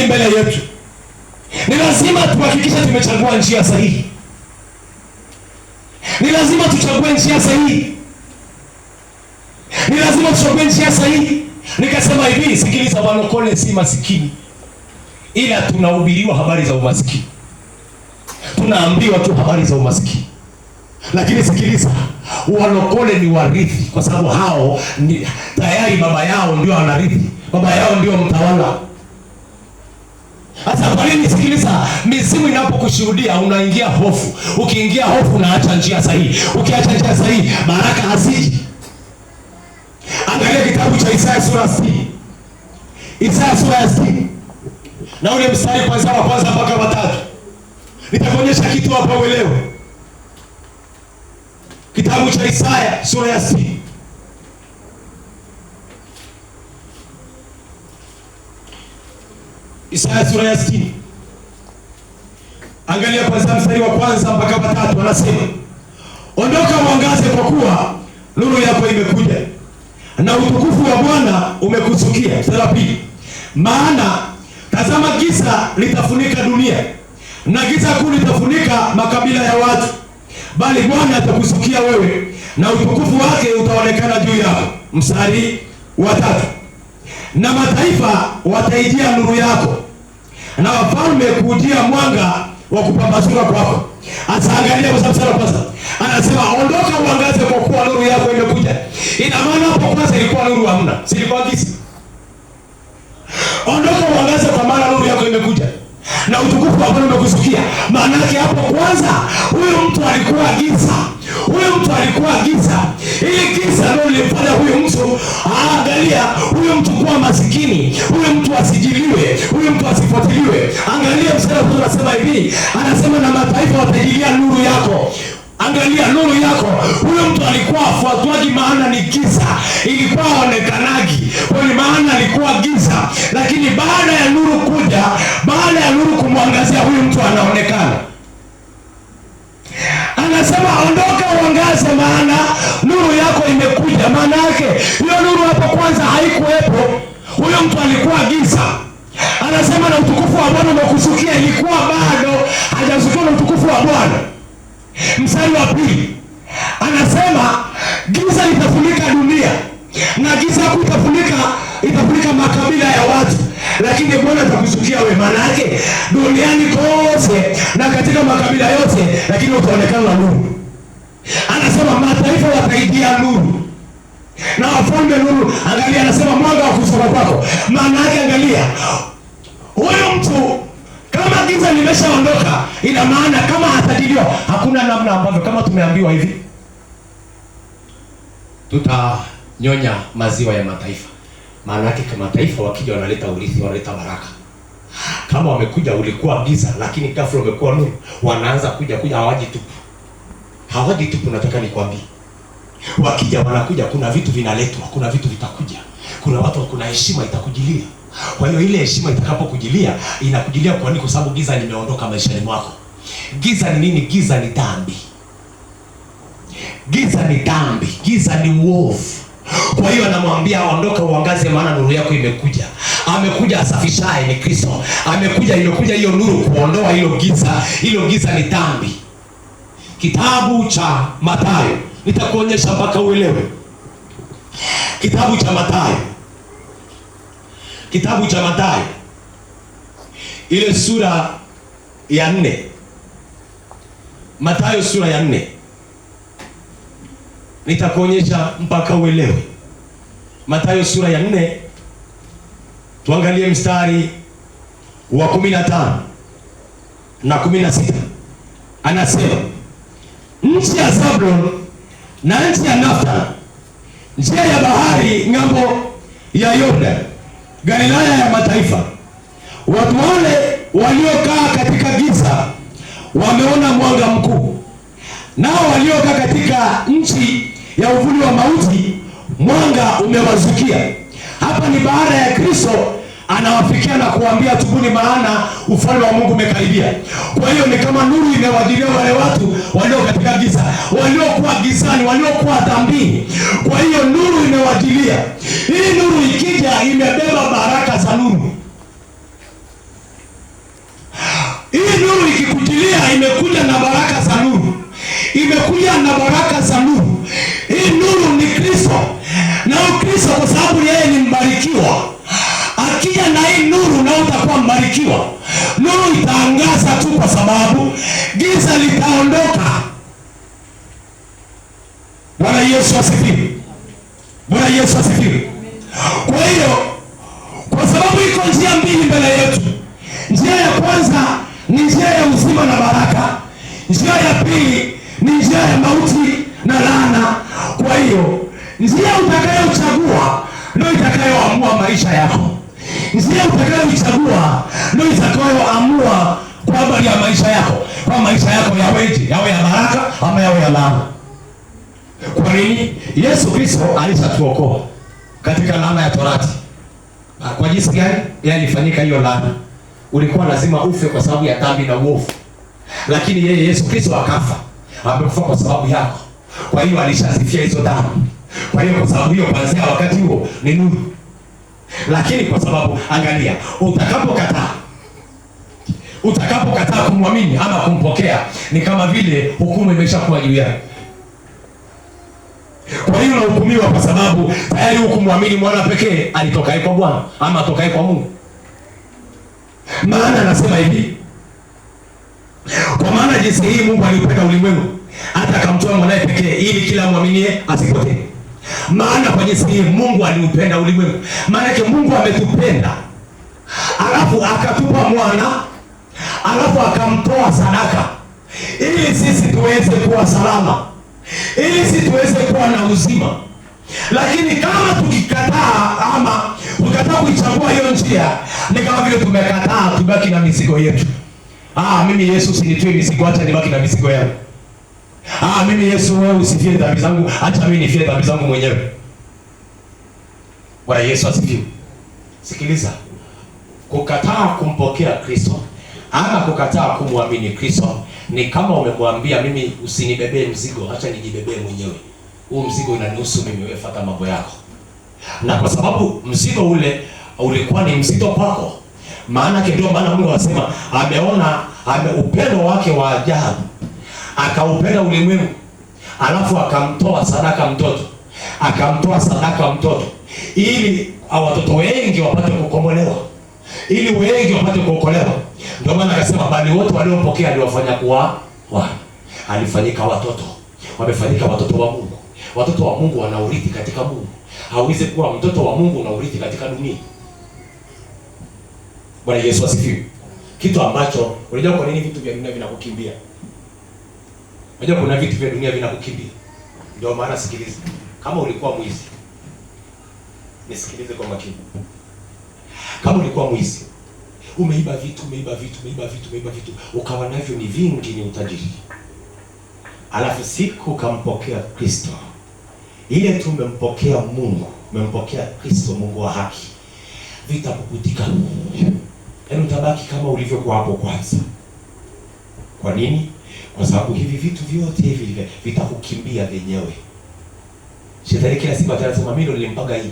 adui mbele yetu. Ni lazima tuhakikishe tumechagua njia sahihi. Ni lazima tuchague njia sahihi. Ni lazima tuchague njia sahihi. Nikasema hivi, sikiliza, walokole si masikini, ila tunahubiriwa habari za umasikini, tunaambiwa tu habari za umasikini. Lakini sikiliza, walokole ni warithi, kwa sababu hao ni tayari baba yao ndio anarithi, baba yao ndio mtawala sasa kwa nini? Sikiliza, mizimu inapokushuhudia unaingia hofu. Ukiingia hofu, unaacha njia sahihi. Ukiacha njia sahihi, baraka haziji. Angalia kitabu cha Isaya sura ya Isaya sura ya 60 na ule mstari kwanza wa kwanza mpaka watatu. Nitakuonyesha kitu hapa uelewe. Kitabu cha Isaya sura ya 60 Isaya sura ya 60. Angalia kwanza mstari wa kwanza mpaka watatu anasema, Ondoka mwangaze kwa kuwa nuru yako imekuja na utukufu wa Bwana umekusukia. Mstari wa pili. Maana tazama giza litafunika dunia na giza kuu litafunika makabila ya watu, bali Bwana atakusukia wewe na utukufu wake utaonekana juu yako. Mstari wa tatu. Na mataifa wataijia nuru yako na wafalme kuutia mwanga wa kupambazuka kwako. Asaangalia kwa sababu sana kwanza, anasema ondoka uangaze, kwa kuwa nuru yako imekuja. Ina maana hapo kwanza ilikuwa nuru hamna, silikuwa giza. Ondoka uangaze, kwa maana nuru yako imekuja na utukufu wa ambao umekusikia. Maana yake hapo kwanza, huyu mtu alikuwa giza, huyu mtu alikuwa giza. Ile giza ndio lilifanya huyu mtu aangalia, huyu mtu kuwa masikini, huyu mtu asijiliwe, huyu mtu asifuatiliwe. Angalia mstari wa anasema hivi, anasema na mataifa watajilia nuru yako. Angalia nuru yako. Huyo mtu alikuwa afuatwaji, maana ni giza, ilikuwa aonekanagi. Kwa maana alikuwa giza, lakini baada ya nuru maana nuru yako imekuja. Maana yake hiyo nuru hapo kwanza haikuwepo, huyo mtu alikuwa giza. Anasema na utukufu wa Bwana umekushukia, ilikuwa bado hajashukiwa na utukufu wa Bwana. Mstari wa pili anasema giza litafunika dunia na giza kuu itafunika itafunika makabila ya watu, lakini Bwana atakushukia wewe. Maana yake duniani kote na katika makabila yote, lakini utaonekana na nuru. Anasema mataifa wataidia nuru na wafalme nuru. Angalia, anasema mwanga wa kusoma kwako. Maana yake angalia, huyu mtu kama giza limeshaondoka, ina maana kama hatajiliwa, hakuna namna ambavyo, kama tumeambiwa hivi, tutanyonya maziwa ya mataifa. Maana yake kama mataifa wakija, wanaleta urithi, wanaleta baraka kama wamekuja ulikuwa giza, lakini ghafla umekuwa nuru. Wanaanza kuja kuja, hawaji tu, hawaji tupu. nataka nikwambie, wakija wanakuja, kuna vitu vinaletwa, kuna vitu vitakuja, kuna watu, kuna heshima itakujilia. Kwa hiyo ile heshima itakapokujilia, inakujilia kwa nini? Kwa sababu giza limeondoka maishani mwako. Giza ni nini? Giza ni dhambi, giza ni dhambi, giza ni uovu. Kwa hiyo anamwambia ondoka uangaze, maana nuru yako imekuja. Amekuja asafishaye ni Kristo, amekuja, imekuja hiyo nuru kuondoa hilo giza. Hilo giza ni dhambi. Kitabu cha Mathayo nitakuonyesha mpaka uelewe. Kitabu cha Mathayo, kitabu cha Mathayo ile sura ya nne. Mathayo sura ya nne nitakuonyesha mpaka uelewe. Mathayo sura ya nne, tuangalie mstari wa kumi na tano na kumi na sita anasema nchi ya zabulon na nchi ya Nafta, njia ya bahari ng'ambo ya Yordani, Galilaya ya mataifa. Watu wale waliokaa katika giza wameona mwanga mkuu, nao waliokaa katika nchi ya uvuli wa mauti mwanga umewazukia. Hapa ni baada ya Kristo anawafikia na kuambia tubuni, maana ufalme wa Mungu umekaribia. Kwa hiyo ni kama nuru imewajilia wale watu walio katika giza, waliokuwa gizani, waliokuwa dhambini. Kwa hiyo nuru imewajilia. Hii nuru ikija, imebeba baraka za nuru. Hii nuru ikikujilia, imekuja na baraka za nuru, imekuja na baraka za nuru. Hii nuru ni Kristo, na Kristo kwa sababu yeye ni mbarikiwa hii nuru nayo utakuwa mbarikiwa. Nuru itaangaza tu, kwa sababu giza litaondoka. Bwana Yesu asifiwe! Bwana Yesu asifiwe! Kwa hiyo, kwa sababu iko njia mbili mbele yetu. Njia ya kwanza ni njia ya uzima na baraka, njia ya pili ni njia ya mauti na laana. Kwa hiyo njia utakayochagua ndio itakayoamua maisha yako njia utakayoichagua ndio itakayoamua kwa habari ya maisha yako, kwa maisha yako yaweje, yawe ya baraka ama yawe ya laana. Kwa nini? Yesu Kristo alishatuokoa katika laana ya Torati. Kwa jinsi gani? Yeye hiyo laana, ulikuwa lazima ufe kwa sababu ya dhambi na uovu, lakini yeye Yesu Kristo akafa, amekufa kwa sababu yako. Kwa hiyo alishazifia hizo dhambi. Kwa hiyo kwa sababu hiyo, kuanzia wakati huo ni nuru lakini kwa sababu angalia, utakapokataa utakapokataa kumwamini ama kumpokea, ni kama vile hukumu imeshakuwa juu yako. Kwa hiyo unahukumiwa, kwa sababu tayari hukumwamini mwana pekee alitokae kwa Bwana ama atokae kwa Mungu. Maana anasema hivi, kwa maana jinsi hii Mungu aliupenda ulimwengu hata akamtoa mwanaye pekee, ili kila mwaminie asipotee maana kwa jinsi hii Mungu aliupenda ulimwengu. Maanake Mungu ametupenda, alafu akatupa mwana, alafu akamtoa sadaka ili sisi tuweze kuwa salama, ili sisi tuweze kuwa na uzima. Lakini kama tukikataa ama tukataa kuichagua hiyo njia, ni kama vile tumekataa tubaki na mizigo yetu. Ah, mimi Yesu, sinitue mizigo, acha nibaki na mizigo yangu. Ah, mimi Yesu, wewe usifie dhambi zangu, acha mimi nifie dhambi zangu mwenyewe. Bwana Yesu asifiwe. Sikiliza, kukataa kumpokea Kristo ama kukataa kumwamini Kristo ni kama umemwambia mimi, usinibebee mzigo, acha nijibebee mwenyewe. Huu mzigo unanihusu mimi, wewe fuata mambo yako. Na kwa sababu mzigo ule ulikuwa ni mzito kwako, maana ndio maana Mungu anasema ameona ame upendo wake wa ajabu akaupenda ulimwengu, alafu akamtoa sadaka mtoto, akamtoa sadaka mtoto ili watoto wengi wapate kukombolewa, ili wengi wapate kuokolewa. Ndio maana akasema, bali wote waliopokea aliwafanya kuwa wana, alifanyika watoto, wamefanyika watoto wa Mungu. Watoto wa Mungu wana urithi katika Mungu. Hauwezi kuwa mtoto wa Mungu na urithi katika dunia. Bwana Yesu asifiwe. Kitu ambacho unajua, kwa nini vitu vya dunia vinakukimbia? Unajua kuna vitu vya dunia vinakukimbia. Ndio maana sikiliza. Kama ulikuwa mwizi, nisikilize kwa makini. Kama ulikuwa mwizi, umeiba vitu, umeiba vitu, umeiba vitu, umeiba vitu, ukawa navyo ni vingi, ni utajiri. Alafu siku ukampokea Kristo, ile tu umempokea Mungu, umempokea Kristo, Mungu wa haki, vitapukutika, yaani utabaki kama ulivyokuwa hapo kwanza. Kwa nini? kwa sababu hivi vitu vyote hivi vitakukimbia vyenyewe. Shetani kila siku atasema mimi ndo nilimpaga hii,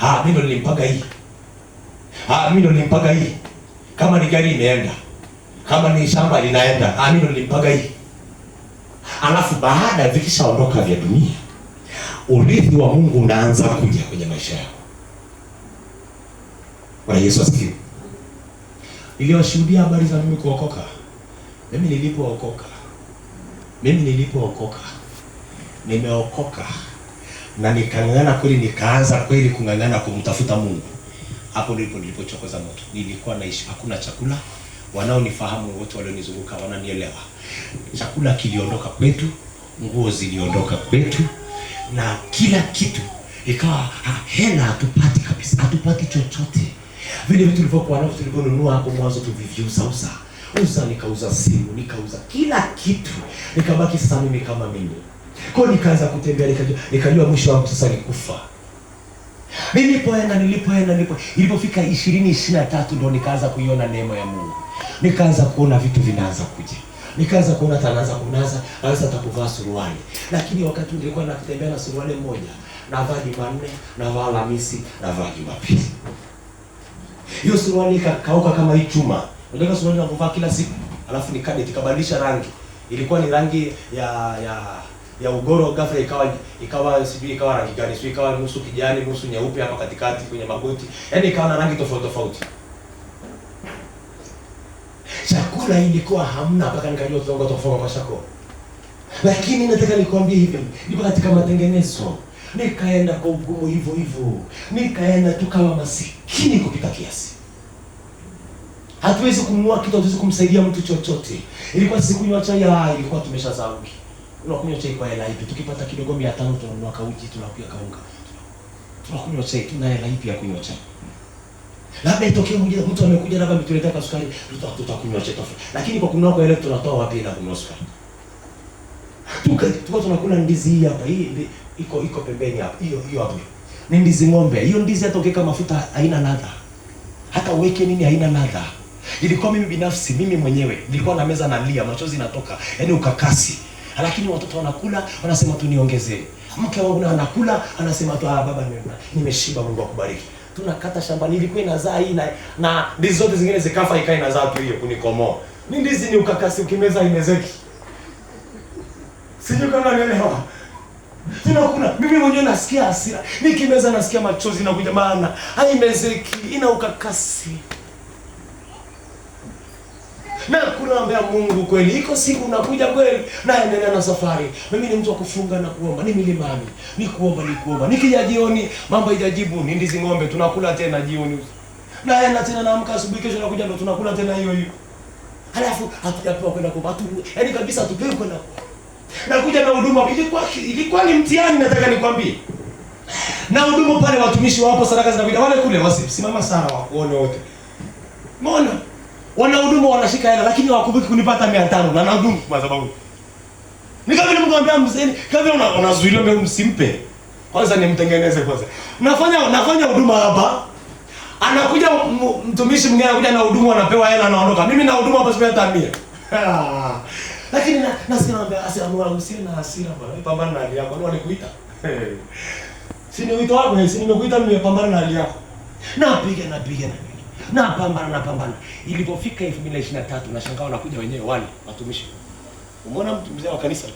ah, mimi ndo nilimpaga hii, ah, mimi ndo nilimpaga hii. Kama ni gari imeenda, kama ni shamba linaenda, ah, mimi ndo nilimpaga hii. Alafu baada ya vikishaondoka vya dunia, urithi wa Mungu unaanza kuja kwenye maisha yako. Bwana Yesu asifiwe. Niliwashuhudia habari za mimi kuokoka mimi nilipookoka, mimi nilipookoka, nimeokoka na nikang'ang'ana kweli, nikaanza kweli kung'ang'ana kumtafuta Mungu, hapo ndipo nilipochokoza moto. Nilikuwa naishi, hakuna chakula, wanaonifahamu wote walionizunguka wananielewa. Chakula kiliondoka kwetu, nguo ziliondoka kwetu, na kila kitu ikawa hela hatupati kabisa, hatupati chochote. Vile vitu tulivyokuwa navyo tulivyonunua hapo mwanzo tuvivyuzauza nikauza, nikauza simu, nikauza kila kitu, nikabaki sasa mimi kama mimi. Kwa hiyo nikaanza kutembea, nikajua, nikajua mwisho wangu sasa nikufa kufa. Nilipoenda nilipoenda nilipo ilipofika 20 23 ndo nikaanza kuiona neema ya Mungu. Nikaanza kuona vitu vinaanza kuja. Nikaanza kuona tanaanza kunaza, anaweza takuvaa suruali. Lakini wakati nilikuwa nakutembea na suruali moja, navaa Jumanne, navaa Alhamisi, navaa Jumapili. Hiyo suruali ikakauka kama hii chuma. Unataka suruali unavyovaa kila siku, alafu ni kadi ikabadilisha rangi. Ilikuwa ni rangi ya ya ya ugoro ghafla ikawa ikawa sijui ikawa rangi gani, sio ikawa nusu kijani, nusu nyeupe hapa katikati kwenye magoti. Yaani ikawa na rangi tofauti tofauti. Chakula ilikuwa hamna mpaka nikajua tunaonga tofauti kwa shako. Lakini nataka nikwambie hivi, niko katika matengenezo. Nikaenda kwa ugumu hivyo hivyo. Nikaenda tukawa masikini kupita kiasi hatuwezi kumnua kitu, hatuwezi kumsaidia mtu chochote. Ilikuwa sisi kunywa chai, ya ah, ilikuwa tumeshazauki. Unakunywa chai kwa hela ipi? Tukipata kidogo 500 tunanunua kauji, tunakuya kaunga, tunakunywa chai, tuna hela ipi ya kunywa chai? Labda itokee mwingine mtu amekuja labda ametuletea kasukari, sukari, tutakunywa chai tofauti, lakini kwa kunywa kwa hela tunatoa wapi na kunywa sukari? Tuka tuko tunakula ndizi hii hapa, hii iko iko pembeni hapa, hiyo hiyo hapo ni ndizi ng'ombe. Hiyo ndizi hata ukeka mafuta haina ladha, hata uweke nini haina ladha. Ilikuwa mimi binafsi, mimi mwenyewe nilikuwa na meza nalia, machozi natoka, yaani ukakasi. Lakini watoto wanakula, wanasema tu niongezee. Mke wangu na anakula, anasema tu ah, baba nimeona nimeshiba, Mungu akubariki. Tunakata shamba, nilikuwa inazaa hii na na ndizi zote zingine zikafa, ikae inazaa tu hiyo kunikomoa. Ni ndizi ni ukakasi, ukimeza imezeki. Sijui kama unaelewa. Ninakula mimi mwenyewe nasikia hasira, nikimeza nasikia machozi, nakuja maana haimezeki, ina ukakasi na kunaambia Mungu kweli, iko siku nakuja kweli, naendelea na safari. Mimi ni mtu wa kufunga na kuomba, ni milimani, ni kuomba, ni kuomba. Nikija jioni mambo haijajibu, ni ndizi ng'ombe, tunakula tena jioni, naenda tena, naamka asubuhi, kesho nakuja, ndo tunakula tena hiyo hiyo, halafu hatujapewa kwenda kuomba tu, yaani kabisa hatupewi kwenda nakuja na huduma. Ilikuwa ilikuwa ni mtihani, nataka nikwambie na huduma pale, watumishi wapo, sadaka zinakuja, wale kule wasimama sana, wakuone wote, umeona Wanahudumu wanashika hela lakini hawakumbuki kunipata 500 na nahudumu kwa sababu. Ni kama nimekuambia mzee, kama unazuiliwa una mbele msimpe. Kwanza nimtengeneze kwanza. Nafanya nafanya huduma hapa. Anakuja mtumishi mwingine anakuja na huduma anapewa hela anaondoka. Mimi na huduma hapa hata 100. Lakini na nasema naambia hasira mwa msie na hasira bwana. Pambana na hali yako. Walikuita. Si ni wito wako, eh, si nimekuita nimepambana na hali yako. Napiga napiga napiga napambana napambana. Ilipofika 2023 nashangaa wanakuja wenyewe wale watumishi. Umeona mtu mzee wa kanisa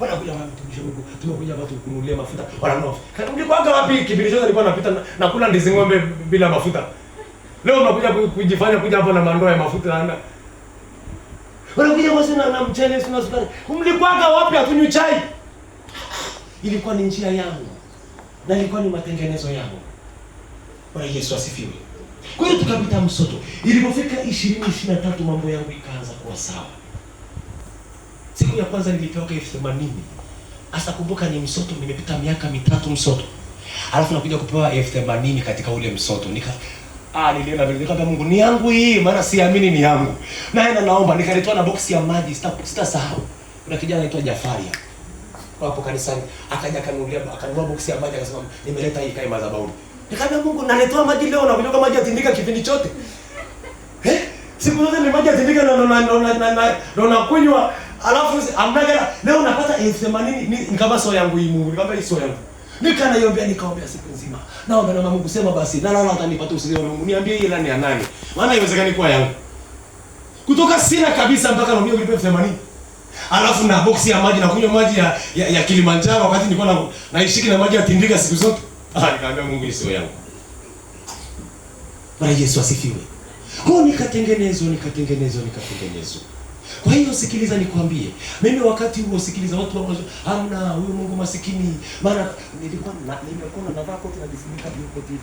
wanakuja wale mtumishi huko, tumekuja watu kununulia mafuta, wananua. Ulikuwa wapi? Kipindi chote nilikuwa napita na kula ndizi ng'ombe bila mafuta. Leo unakuja kujifanya kuja hapa na mandoa ya mafuta na wanakuja wasi na, na mchele sina sukari. Mlikuwaga wapi? Hatunywi chai. Ilikuwa ni njia yangu na ilikuwa ni matengenezo yangu. Bwana Yesu asifiwe. Kwa hiyo tukapita msoto. Ilipofika ishirini ishirini na tatu mambo yangu ikaanza kuwa sawa. Siku ya kwanza nilitoka elfu themanini hasa kumbuka, ni msoto, nimepita miaka mitatu msoto, alafu nakuja kupewa elfu themanini katika ule msoto nika Ah, niliona vile nikaambia Mungu ni yangu hii maana siamini ni yangu. Naenda naomba nikaletwa na boksi ya maji sita sita sahau. Kuna kijana anaitwa Jafari hapo kanisani akaja akanunulia akanunua boksi ya maji akasema nimeleta hii kae madhabahuni. Nikaambia Mungu, naletoa maji leo na kunyoka maji atindika kipindi chote. Eh? Siku zote ni maji atindika na na na na na na kunywa alafu amnaga leo napata 80 ni nikama sio yangu hii Mungu. hii sio yangu. Nikanaiomba nikaombea siku nzima. Naomba na Mungu sema basi na lala atanipata usiri wa Mungu. Niambie hii nani ya nani? Maana haiwezekani kuwa yangu. Kutoka sina kabisa mpaka na mimi nilipe 80. Alafu na boksi ya maji na kunywa maji ya, ya, ya Kilimanjaro wakati nilikuwa na naishiki na maji ya tindika siku zote. Ah, nikamwambia Mungu sio yangu. Bwana Yesu asifiwe. Kwa nikatengenezwa, nikatengenezwa, nikatengenezwa. Kwa hiyo sikiliza, nikwambie mimi, wakati huo sikiliza, watu wa hamna huyo Mungu masikini, maana nilikuwa na nimekuwa navaa koti najifunika hiyo koti